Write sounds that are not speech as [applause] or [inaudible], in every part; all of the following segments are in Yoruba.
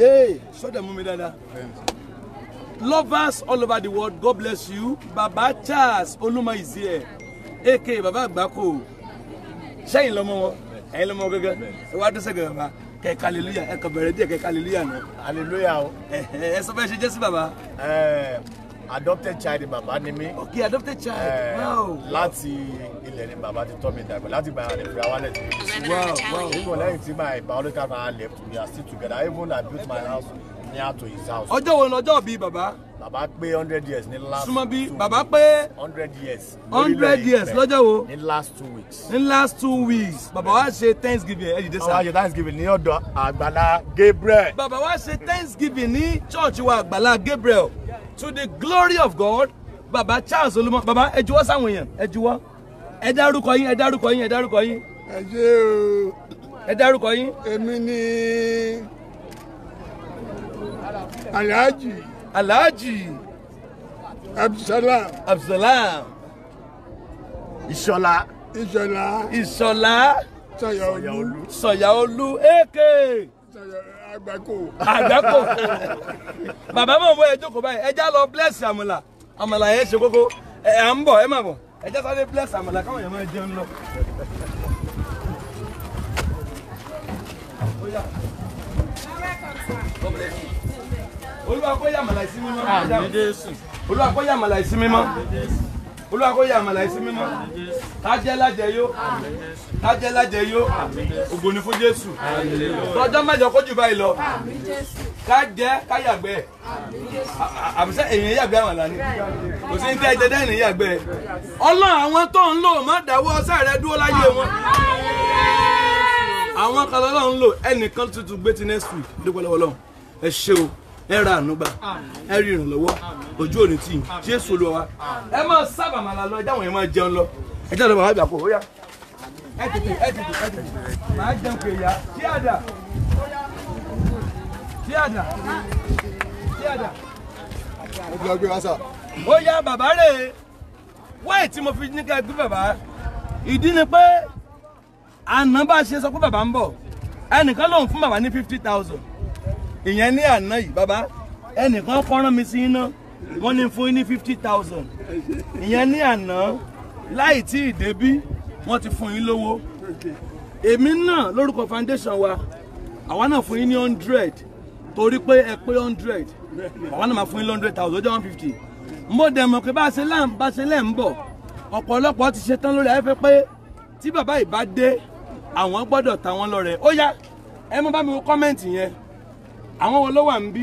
yéé sọ́dẹ̀ mú mi dáadáa. lovers all over the world god bless you baba charles olúmọ is here aka baba Baku. Say lọ́mọ wọn ẹ̀yin lọ́mọ gẹ́gẹ́ ẹ wá dẹ́sẹ̀ gẹ́gẹ́ bá kẹ hallelujah ẹ kàn bẹ̀rẹ̀ díẹ̀ kẹ hallelujah náà. hallelujah o. ẹ ẹ sọ fẹ́ adopted child ni bàbá ni mí. ok adopted child uh, wow. láti ilẹ̀ ni bàbá ti tọ́ mi dàgbà láti gba àlè fúra wálẹ̀ tí mi lè. wow wow. even lẹ́yìn tí my biological father left we are still together even I built my house near to his house. ọjọ́ wo ni ọjọ́ bíi bàbá bàbá pé hundred years ní last. súnmọ́ bí bàbá pé. hundred years. hundred years lọ́jọ́ wo. ní last two weeks. ní last two weeks. bàbá wa ṣe thanksgiving ẹ dìde bàbá wa ṣe thanksgiving ní ọ̀dọ̀ àgbàlá Gabriel. bàbá wa ṣe thanksgiving ní church wa àgbàlá Gabriel to the glory of God bàbá Charles Olúmọ bàbá ẹ juwọ́ sáwọn èèyàn ẹ juwọ́ ẹ dárúkọ yín ẹ dárúkọ yín ẹ dárúkọ yín. ẹ ṣe o. ẹ yín. èmi ni alhaji alhaji abdulsalam abdulsalam ìṣọlá ìṣọlá ìṣọlá sọyàolú sọyàolú èké àgbákò àgbákò bàbá mọ̀ bọ́ ẹ jókòó báyìí ẹ já lọ bless àmàlà àmàlà yẹn ṣe kókó ẹ à ń bọ̀ ẹ má bọ̀ ẹ já sáré bless àmàlà káwọn yẹn máa jẹun lọ. God bless you olúwa kó yà màlà ìsí mímọ́ olúwa kó yà màlà ìsí mímọ́ olúwa kó yà màlà ìsí mímọ́ tájẹ́ lájẹ yó tájẹ́ lájẹ yó ògo ni fún jésù lọ́jọ́ mẹ́jọ kó jù báyìí lọ kájẹ́ káyàgbẹ́ àbísẹ́ èyàn yàgbẹ́ àwọn àlàní kò sí ní tẹ́ ẹ̀jẹ̀ dẹ́yìn yàgbẹ́ ọlọ́run àwọn tó ń lò má dáwọ́ ọsẹ́ rẹ dúró láyé wọn àwọn kan lọ́lọ́run lò ẹnìkan tuntun gbé ti next week dúpẹ́ lọ́wọ́ ẹ ṣé o. ẹ ra ànúgbà ẹ rí ìrànlọ́wọ́ ojú òní tì jésù olúwa ẹ máa sábà máa lọ ẹ dáwọn yẹn máa jẹun lọ ẹ jẹ́ ọ̀dọ́ bàbá kò ó yá ẹ tètè ẹ tètè ẹ tètè màá jẹun kò ya tí àdà tí àdà tí àdà. mo ó yá bàbá rè é wáyé tí mo fi ní ká gbé bàbá ìdí ni pé àná bá ṣe sọ pé bàbá ń bọ̀ ẹnìkan lòun fún bàbá ní fifty thousand. ìyẹn ní àná yìí bàbá ẹnìkan fọ́nrán mi sí iná wọ́n ní fún yín ní fifty thousand ìyẹn ní àná láì tí ì débí wọ́n ti fún yín lówó èmi náà lórúkọ foundation wa àwa náà fún yín ní hundred torí pé ẹ pé hundred àwa náà máa fún yín hundred thousand ó jẹ́ one fifty mo dẹ̀ mọ̀ pé bá a ṣe láǹ bá a ṣe lẹ́ ń bọ̀ ọ̀pọ̀lọpọ̀ ti ṣe tán lórí afẹ́fẹ́ pé tí bàbá ìbá dé àwọn gbọ́dọ̀ ta wọn lọ́rẹ ó yá ẹ mọ bá mi wo kọ́mẹ́ǹtì yẹn àwọn wo ló wà ń bí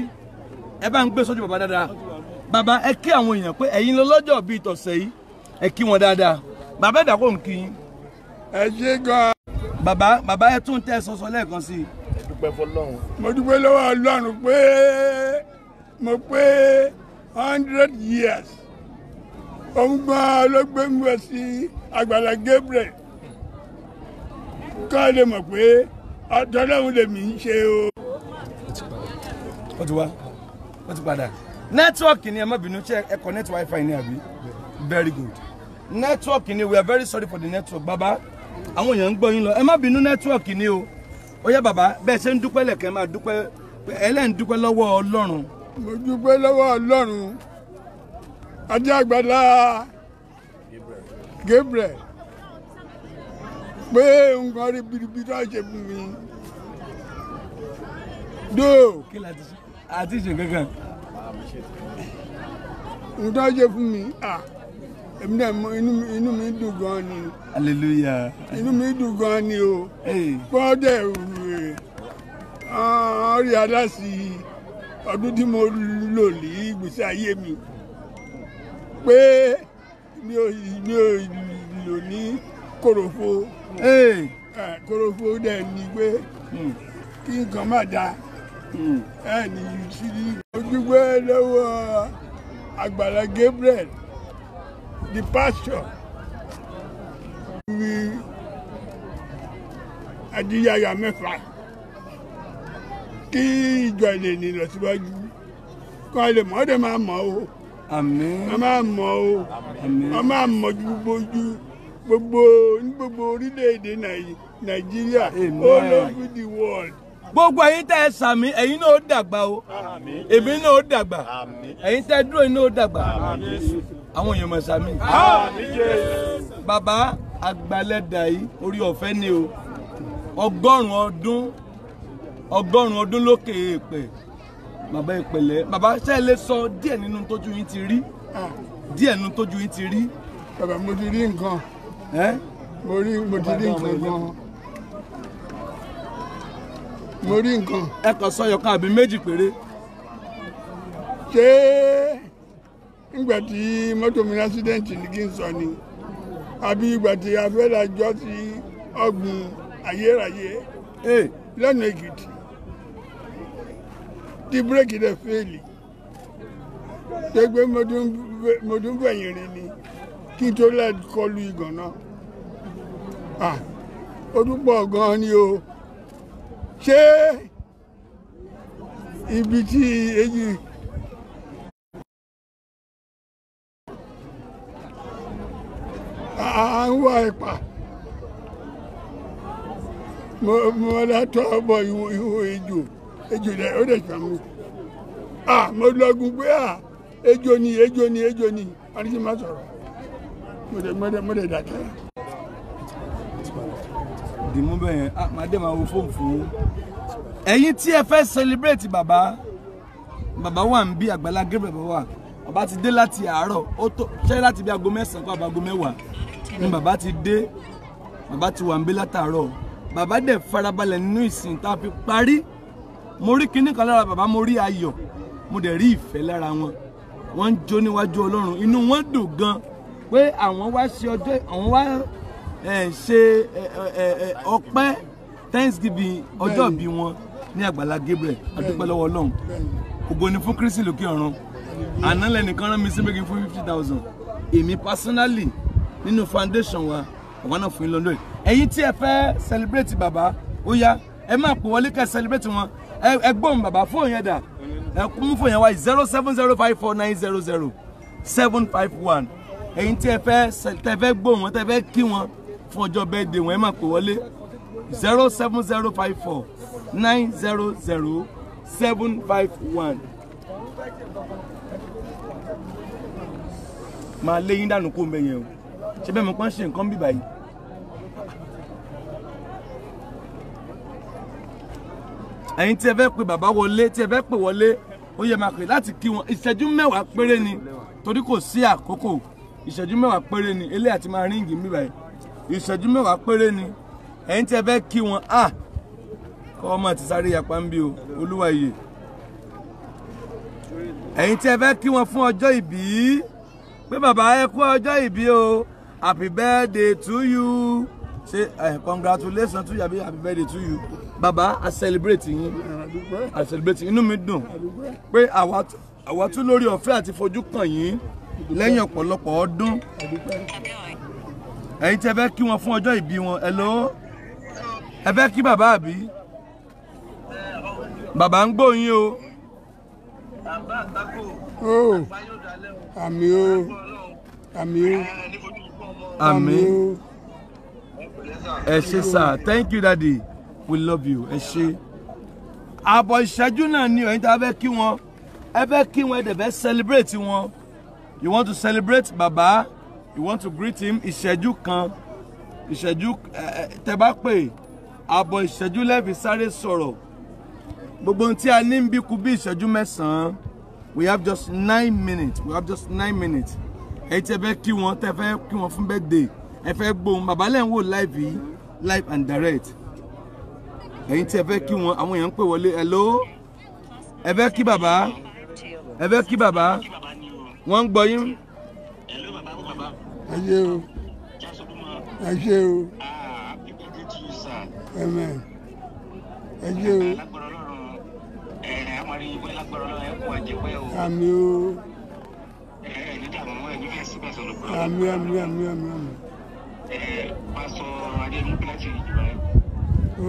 ẹ bá ń gbé sójú bàbá dáadáa bàbá ẹ kí àwọn èèyàn pé ẹ̀yin ló lọ́jọ́ bíi tọ̀sẹ̀ yìí ẹ kí wọn dáadáa bàbá ẹ dàkó nkì yín. ẹ ṣe gan. bàbá bàbá ẹ tún tẹ sọsọ lẹ́ẹ̀kan sí i. mo dúpẹ́ fọlọ́run. mo dúpẹ́ lọ́wọ́ ọlọ́run pé mo pé hundred years òun gan ló gbé mi wá sí àgbàlá Gabriel ká lè mọ̀ pé àtọ́lọ́hún lèmi ń ṣe o ó ti wá ó ti padà network ni ẹ má bínú ṣe ẹ connect wifi ni àbí very good network ni we are very sorry for the network baba àwọn èèyàn ń gbọ́ yín lọ ẹ network ni o ó yẹ baba bẹ́ẹ̀ ṣe ń dúpẹ́ lẹ̀kẹ́ máa dúpẹ́ ẹlẹ́yìn dúpẹ́ lọ́wọ́ ọlọ́run. mo dúpẹ́ lọ́wọ́ ọlọ́run ajé àgbàlá Gabriel pé nǹkan rí bìrìbìrì àṣẹ fún mi. Do. kí la ti ṣe àti ìṣe kankan. nǹkan ṣe fún mi èmi náà mọ inú mi dùn gan ni. hallelujah. inú mi dùn gan ni o. gbọ́dọ̀ rí aláṣì ọdún tí mo lò ní ìgbésí ayé mi pé mi ò lò ní kòròfo kòròfo dẹ̀ ni pé hmm. kí nǹkan má dáa. Mm. ẹnì sí ní ojúgbẹ́ lọ́wọ́ Àgbàlá Gabriel the pastor wí adíyàyà mẹ́fà kí ìjọ lè ní lọ́síwájú kọ́ lè mọ́ ọ́dẹ máa mọ̀ o àmín wọ́n máa mọ̀ o àmín wọ́n máa mọ̀ ju gbogbo ojú gbogbo ní gbogbo orílẹ̀-èdè Nàìjíríà all over the world gbogbo ẹ̀yin tẹ́ ẹ sàmì ẹ̀yin náà ó dàgbà o èmi náà ó dàgbà ẹ̀yin tẹ́ dúró yín náà ó dàgbà àwọn èèyàn mọ̀ sàmì. bàbá àgbàlẹ́dà yìí orí ọ̀fẹ́ ni o ọgọ́rùn-ún ọdún ọgọ́rùn-ún ọdún lókè èèpè bàbá ìpẹ̀lẹ́ bàbá ṣe lè sọ díẹ̀ nínú tójú yín ti rí ah. díẹ̀ nínú tójú yín ti rí. bàbá mo ti rí nǹkan mo ti rí nǹkan gan-an. mo rí nǹkan. ẹ kàn sọ yọkan àbí méjì péré. ṣé ìgbà tí mọ́tò sọ ni àbí ìgbà tí afẹ́dájọ́ ti ọ̀gbìn ayérayé eh. lẹ́nu èkìtì tí bírèkì rẹ̀ fèèlì ṣé pé mo fẹ̀yìn rí ni kí n tó lẹ́ẹ̀kọ́ lu ah, ó gan ni o. ṣé ibi tí èyí. à ń wá ipa mo mo látọ ọbọ ihu ìwò ejò ejò rẹ ó dẹ sàmú à mo lọgùn pé à ejò ni ejò ni ejò ni dì mú bẹ́ẹ̀ yẹn ah, máa dé máa wo fóònù fún un. ẹ̀yin tí ẹ fẹ́ celebrate bàbá bàbá wa ń bí Àgbàlá Gabriel bàbá wa bàbá ti dé láti àárọ̀ ó tó ṣẹ́ láti bí aago mẹ́sàn-án kó aago mẹ́wàá ni bàbá ti dé bàbá ti wà ń bí látàárọ̀ bàbá dẹ̀ farabalẹ̀ nínú ìsìn tá a fi parí mo rí kinní kan lára bàbá mo rí ayọ̀ mo dẹ̀ rí ìfẹ́ lára wọn wọ́n ń jó níwájú Ọlọ́run inú wọn dùn gan pé àwọn wá ṣe ọjọ́ àwọn wá ṣe ọpẹ́ thanksgiving ọjọ́ ìbí wọn ní àgbàlá Gabriel adúpẹ́ lọ́wọ́ Ọlọ́run ògo ni fún Kristi lókè ọ̀run àná lẹ́nìkan rán mi sí méjì fún fifty thousand èmi personally nínú foundation wa àwọn náà fún yín lọ́dún rẹ̀ ẹ̀yin tí ẹ fẹ́ celebrate bàbá ó yá ẹ máa pè wọlé ká celebrate wọn ẹ gbóhùn bàbá fóònù yẹn dà ẹ kún fóònù yẹn wá zero seven zero five four nine zero zero seven five one ẹ̀yin tí ẹ fẹ́ tẹ fẹ́ gbóhùn wọn tẹ fẹ́ kí wọn fún ọjọ́ bẹ́ẹ̀dè wọn ẹ máa pè wọlé zero seven zero five four nine zero zero seven five one. máa lé yín dànù kó mẹyẹ o ṣé bẹ́ẹ̀ mo pọ́n ṣe nǹkan bíbá yìí. ẹ̀yin tí ẹ fẹ́ pè bàbá wọlé tí ẹ fẹ́ pè wọlé ó yẹ máa pè láti kí wọn ìṣẹ́jú mẹ́wàá péré ni torí kò sí àkókò ìṣẹ́jú mẹ́wàá péré ni eléyà ti máa ríǹgì bíbá yìí ìṣẹ́jú mẹ́wàá péré ni ẹ̀yin tí ẹ fẹ́ kí wọn à ah! kọ́ ọmọ ti sáré yapa ń bí o olúwa yìí ẹ̀yin tí ẹ fẹ́ kí wọn fún ọjọ́ ìbí pé bàbá ẹ kú ọjọ́ ìbí o happy birthday to you ṣe eh, ẹ congratulations to you àbí happy birthday to you bàbá a celebrate yín a celebrate inú mi dùn pé àwa tún lórí ọ̀fẹ́ àti fojú kàn yín lẹ́yìn ọ̀pọ̀lọpọ̀ ọdún ẹ̀yin tí ẹ fẹ́ kí wọn fún ọjọ́ ìbí wọn hello ẹ fẹ́ kí bàbá àbí bàbá ń gbóyin o. bàbá àtàkò àbáyọ̀dálẹ́ o. àmì o àmì o àmì o. ẹ ṣé sir thank you daddy we love you ẹ ṣé. àbọ̀ ìṣẹ́jú náà ni ẹ̀yin tí a fẹ́ kí wọn ẹ fẹ́ kí wọn ẹ dẹ̀ fẹ́ celebrate wọn you want to celebrate bàbá you want to greet him ìṣẹ́jú kan ìṣẹ́jú tẹ bá pè àbọ̀ ìṣẹ́jú lẹ́fi sáré sọ̀rọ̀ gbogbo ohun tí a ní ń bí kù bí ìṣẹ́jú mẹ́sàn-án we have just nine minutes we have just nine minutes ẹ̀yin tí ẹ fẹ́ kí wọn tẹ fẹ́ kí wọn fún birthday ẹ fẹ́ gbóhùn bàbá lẹ́ wò live yìí live and direct ẹ̀yin tí ẹ fẹ́ kí wọn àwọn èèyàn ń pè wọlé hello ẹ fẹ́ kí bàbá ẹ fẹ́ kí bàbá wọ́n ń gbọ́ yín ẹ ṣé o ẹ ṣé o ẹmẹ ẹ ṣé o àmì o àmì àmì àmì àmì àmì.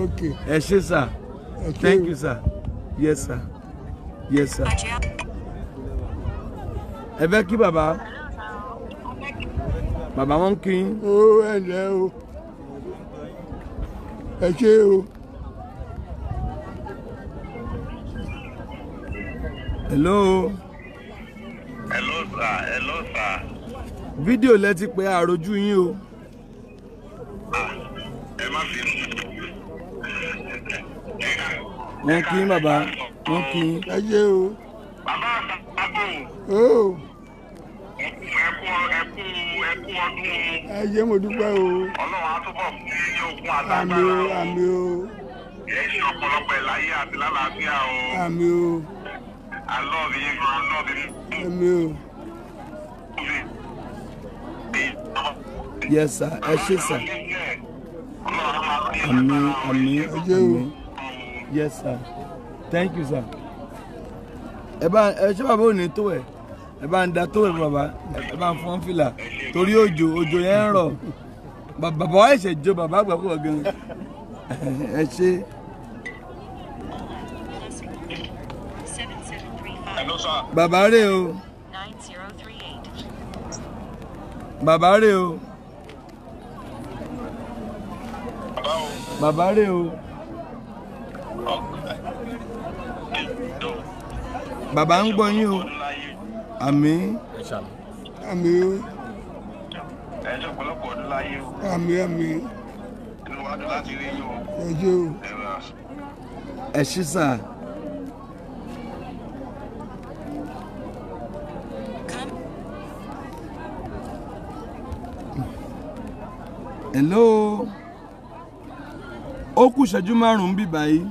Okay. Ẹ ṣé sir. Thank you sir. Yes sir. Yes sir. Ẹ bẹ̀ kí bàbá bàbá wọn kí. ó ẹ lẹ́ o ẹ ṣé o. hello. hello sir hello sir. fídíò lẹ ti pè àròjù yín o. Ah, ẹ má bínú. wọ́n kí bàbá wọ́n kí. ẹ ṣé o. bàbá àtàkùn. ẹ mo dúpẹ́ o. ọlọ́run á fún yín ní okun àtàgbára àmì o ẹ ṣe ọ̀pọ̀lọpọ̀ ẹ̀ àti lálàáfíà o. àmì o. I love you I love you. àmì o. yes sir ẹ ṣe sir. àmì àmì àmì yes sir thank you sir. ẹ bá ẹ ṣe bàbá òní tó ẹ ẹ bá ń da tó rẹ bàbá ẹ bá ń fọ́n fìlà torí òjò òjò yẹn ń rọ̀ bàbá wa ẹ̀ṣẹ̀ jó bàbá àgbà pọ̀ gan [laughs] ẹ ṣe. bàbá rè o bàbá rè o bàbá rè o. bàbá ń gbọ́ yín o àmín. àmín o. ẹ ṣe ọ̀pọ̀lọpọ̀ ọdún láyé o. àmín àmín. inú wa dùn láti rí yín o. ẹ jẹ́ o. ẹ ṣí sà. hello ó kù ìṣẹ́jú márùn-ún bíbá yìí.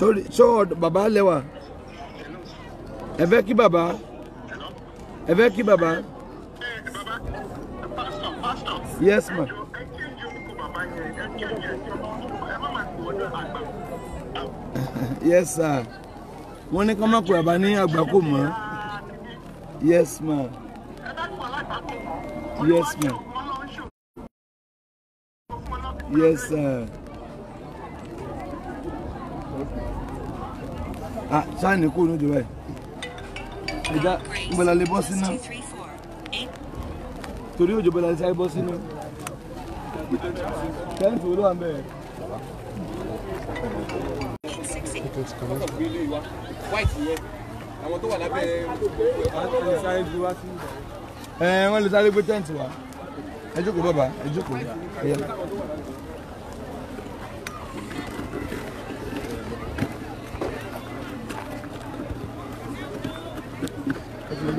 sórí sọ Baba lẹ́wà ẹ fẹ́ kí Baba. ẹ fẹ́ kí yes ma. yes sir wọ́n ní ká má pè bàbá ní àgbákò mọ́ yes ma. yes ma. yes sir. ah ṣáìní kúrò nídìí rẹ̀ ẹja gbọ́dọ̀ lè bọ́ sínú torí òjò gbọ́dọ̀ lè ṣáì bọ́ sínú tẹ́ǹtì olówó à ń bẹ̀rẹ̀. àwọn tó wà lábẹ́ ẹ̀ wọ́n lè sáré gbé tẹ́ǹtì wá ẹ jókòó bàbá ẹ jókòó ẹ̀yà.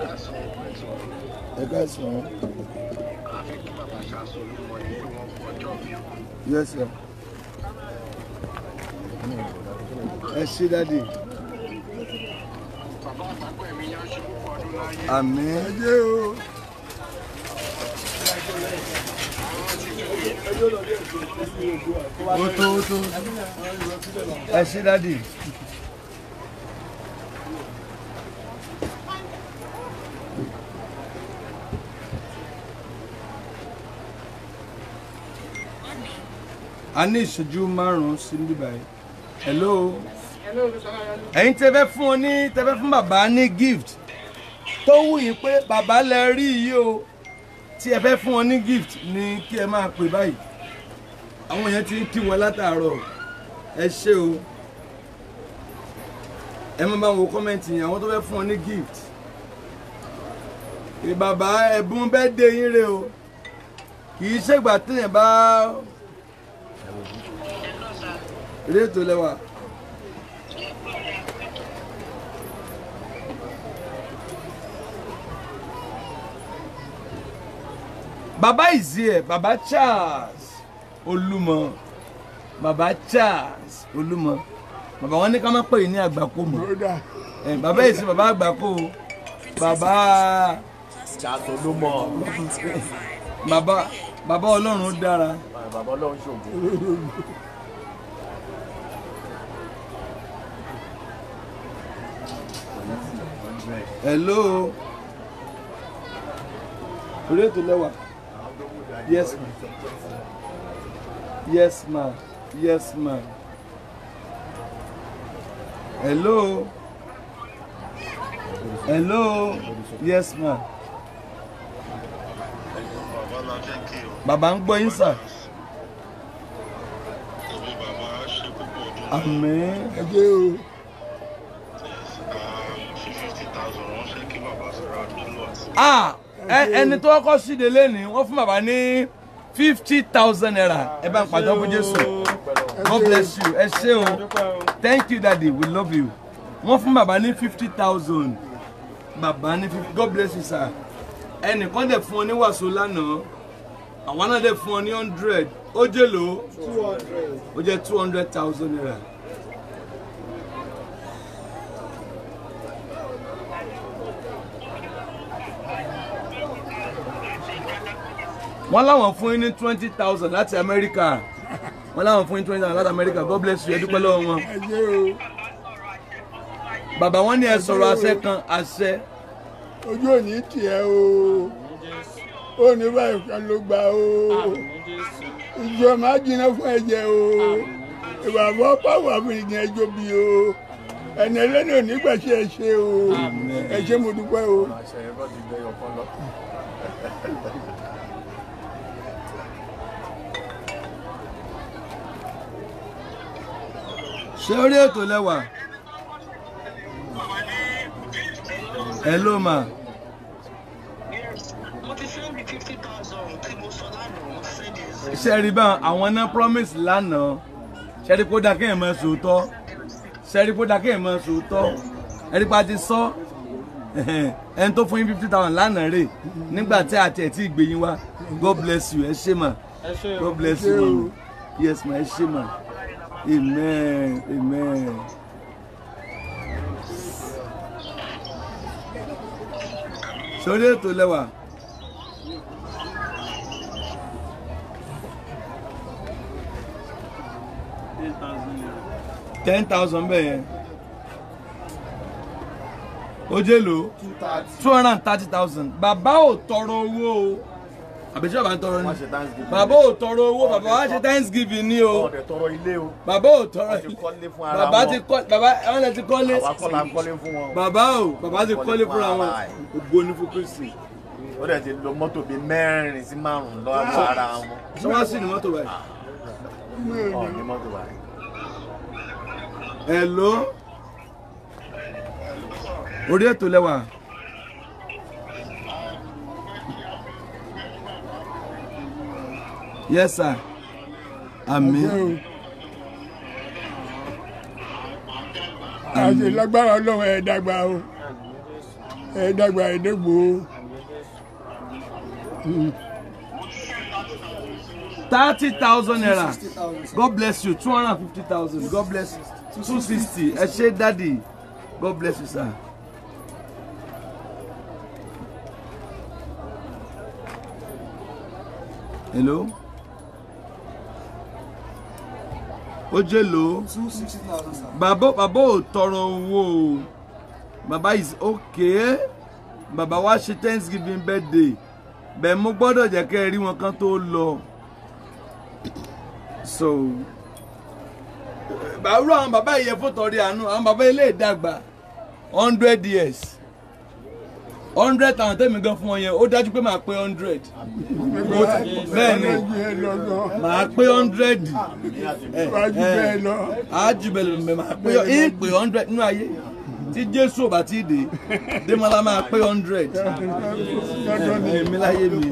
ẹ ká sùn. yes sir. ẹ ṣe dáàdi. àmín. ẹ jẹ́ o. o tó o tó ẹ ṣe dáàdi. a ní ìṣẹ́jú márùn-ún sí bíbá yìí hello ẹ̀yin tẹ́ fẹ́ fún ọ ní tẹ́ fẹ́ fún bàbá ní gift tó wù yín pé bàbá lẹ rí yìí o tí ẹ fẹ́ fún ọ ní gift ni kí ẹ máa pè báyìí àwọn yẹn ti ń kí wọn látàárọ̀ ẹ ṣé o ẹ má bá wọn kọ́mẹ̀ntì yẹn àwọn tó fẹ́ fún ọ ní gift bàbá ẹ̀bùn bẹ́ẹ̀ dé yín re o kì í ṣègbà téèyàn bá ilé ètò lẹ́wà. baba is here baba Charles Olúmọ baba Charles Olúmọ baba wọn ní ká má pè ní àgbákò mọ baba is here àgbákò baba Charles Olúmọ baba Ọlọ́run dára bàbá ọlọ́run ṣògo. hello orí ètò lẹ́wà yes ma yes ma yes ma hello hello yes ma bàbá ń gbọ́ yín sà. Amen. Ah, o. ẹni tó kọ́ síde lẹ́ni wọ́n fún bàbá ní fifty thousand naira ẹ bá ń pàdé ọkọ jésù god bless you ẹ ṣé o thank you daddy we love you wọ́n fún bàbá ní fifty thousand bàbá ní fifty god bless you sir ẹnìkan dẹ̀ fún ọ ní wàsó lánàá àwọn náà dẹ̀ fún ọ ní hundred ó jẹ́ lò ó jẹ́ two hundred thousand naira. wọ́n láwọn fún yín ní twenty thousand láti amẹ́ríkà wọ́n láwọn fún yín twenty thousand láti amẹ́ríkà god bless you ẹ dúpẹ́ lọ́wọ́ wọn. bàbá wọn ní ẹ sọ̀rọ̀ àṣẹ kan àṣẹ. ojú òní tiẹ̀ o ó ní báyìí kan ló gbà o ìjọ máa jiná fún ẹ̀jẹ̀ o ìwà àbọ̀ pàwọ̀ àfihàn ẹjọ́ bí o ẹni ẹlẹ́ni ò ní o ẹ mo dúpẹ́ o. ṣé orí ètò lẹ́wà ẹ ló mà. mo ti fẹ́ mi fifty thousand tí mo sọ lánàá sẹ́rí bá àwọn náà promise lánàá sẹ́rí kó dákẹ́ ẹ̀ mọ́ sòótọ́ sẹ́rí kó dákẹ́ ẹ̀ mọ́ sòótọ́ ẹ̀rí pa ti sọ ẹni tó fún yín fifty thousand lánàá rè nígbà tí àti ẹ̀ tí ì gbé yín wá God bless you ẹ ṣé mà God bless you yes ma ẹ ṣé mà amen amen. sórí ètò lẹ́wà. ten thousand bẹ́ẹ̀ yẹn oje lo two hundred and thirty thousand bàbá ò tọrọ owó o àbíṣe bàbá ń tọrọ ni bàbá ò tọrọ owó bàbá wa ṣe thanksgiving ni o bàbá ò tọrọ ilé bàbá ti kọ́ bàbá ẹ̀wọ̀n ti kọ́lé bàbá ò bàbá ti kọ́lé fúnra wọn ògbó ní fún Kristi. ó dẹ̀ ti lo mọ́tò bíi mẹ́rin sí márùn-ún lọ́wọ́ ara wọn. sọ́wọ́sì ni mọ́tò báyìí ọ̀ní mọ́tò báyìí. hello orí ètò lẹ́wà. yes sir àmín. àti lágbára ọlọ́run ẹ̀ dàgbà o ẹ̀ dàgbà ẹ̀ dẹ́gbò o thirty thousand naira god bless you two hundred fifty thousand god bless you two sixty ẹ ṣe dadi god bless you sir. hello ó jẹ́ lo bàbá bàbá ò tọrọ Baba is okay Baba, wa ṣe thanksgiving birthday Ben mo gbọ́dọ̀ jẹ́ kẹ́ ẹ rí wọn kan so bàbá àwọn bàbá yẹ fún tọrí àánú àwọn bàbá ilé ìdàgbà hundred years hundred àwọn tẹ́mi gan fún wọn yẹn ó dájú pé màá pé hundred bẹ́ẹ̀ ni màá pé hundred àjùbẹ̀lẹ̀ màá pé ń pé hundred nínú ayé tí jésù ò bá ti dé démọlá máa pé hundred èmi láyé mi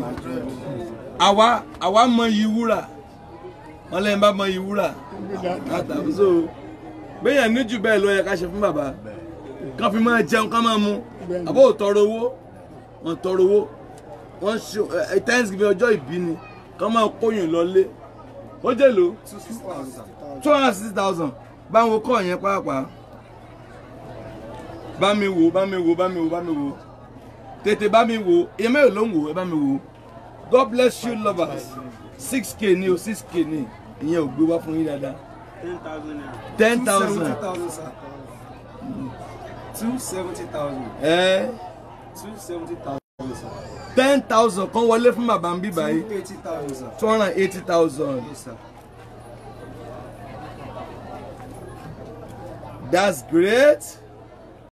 àwa àwa mọ iye wúrà wọn lẹ́yìn bá mọ ìwúrà àtàkùsọ bẹ́yẹn níjù bẹ́ẹ̀ ló yẹ ká ṣe fún bàbá kán fi máa jẹun kán máa mu àbó tọrọ owó wọn tọrọ owó wọn ṣe ẹ thanksgiving ọjọ́ ìbí ni kán máa kóyún lọlé ó jẹ́ ló two hundred sixty thousand báwo kọ́ yẹn pàápàá bá mi wò bá mi wò bá mi wò bá mi wò tètè bá mi wò ìyẹn mẹ́rin ló ń wò ẹ bá mi wò God bless you lovers six k ni o six k ni ìyẹn ò gbé wá fún yín dáadáa. ten thousand naira. ten thousand. two seventy thousand sir. two seventy thousand. ẹ. two seventy thousand sir. ten thousand kan wọlé fún bàbá ń bí báyìí. two eighty thousand sir. two hundred and eighty thousand. that's great.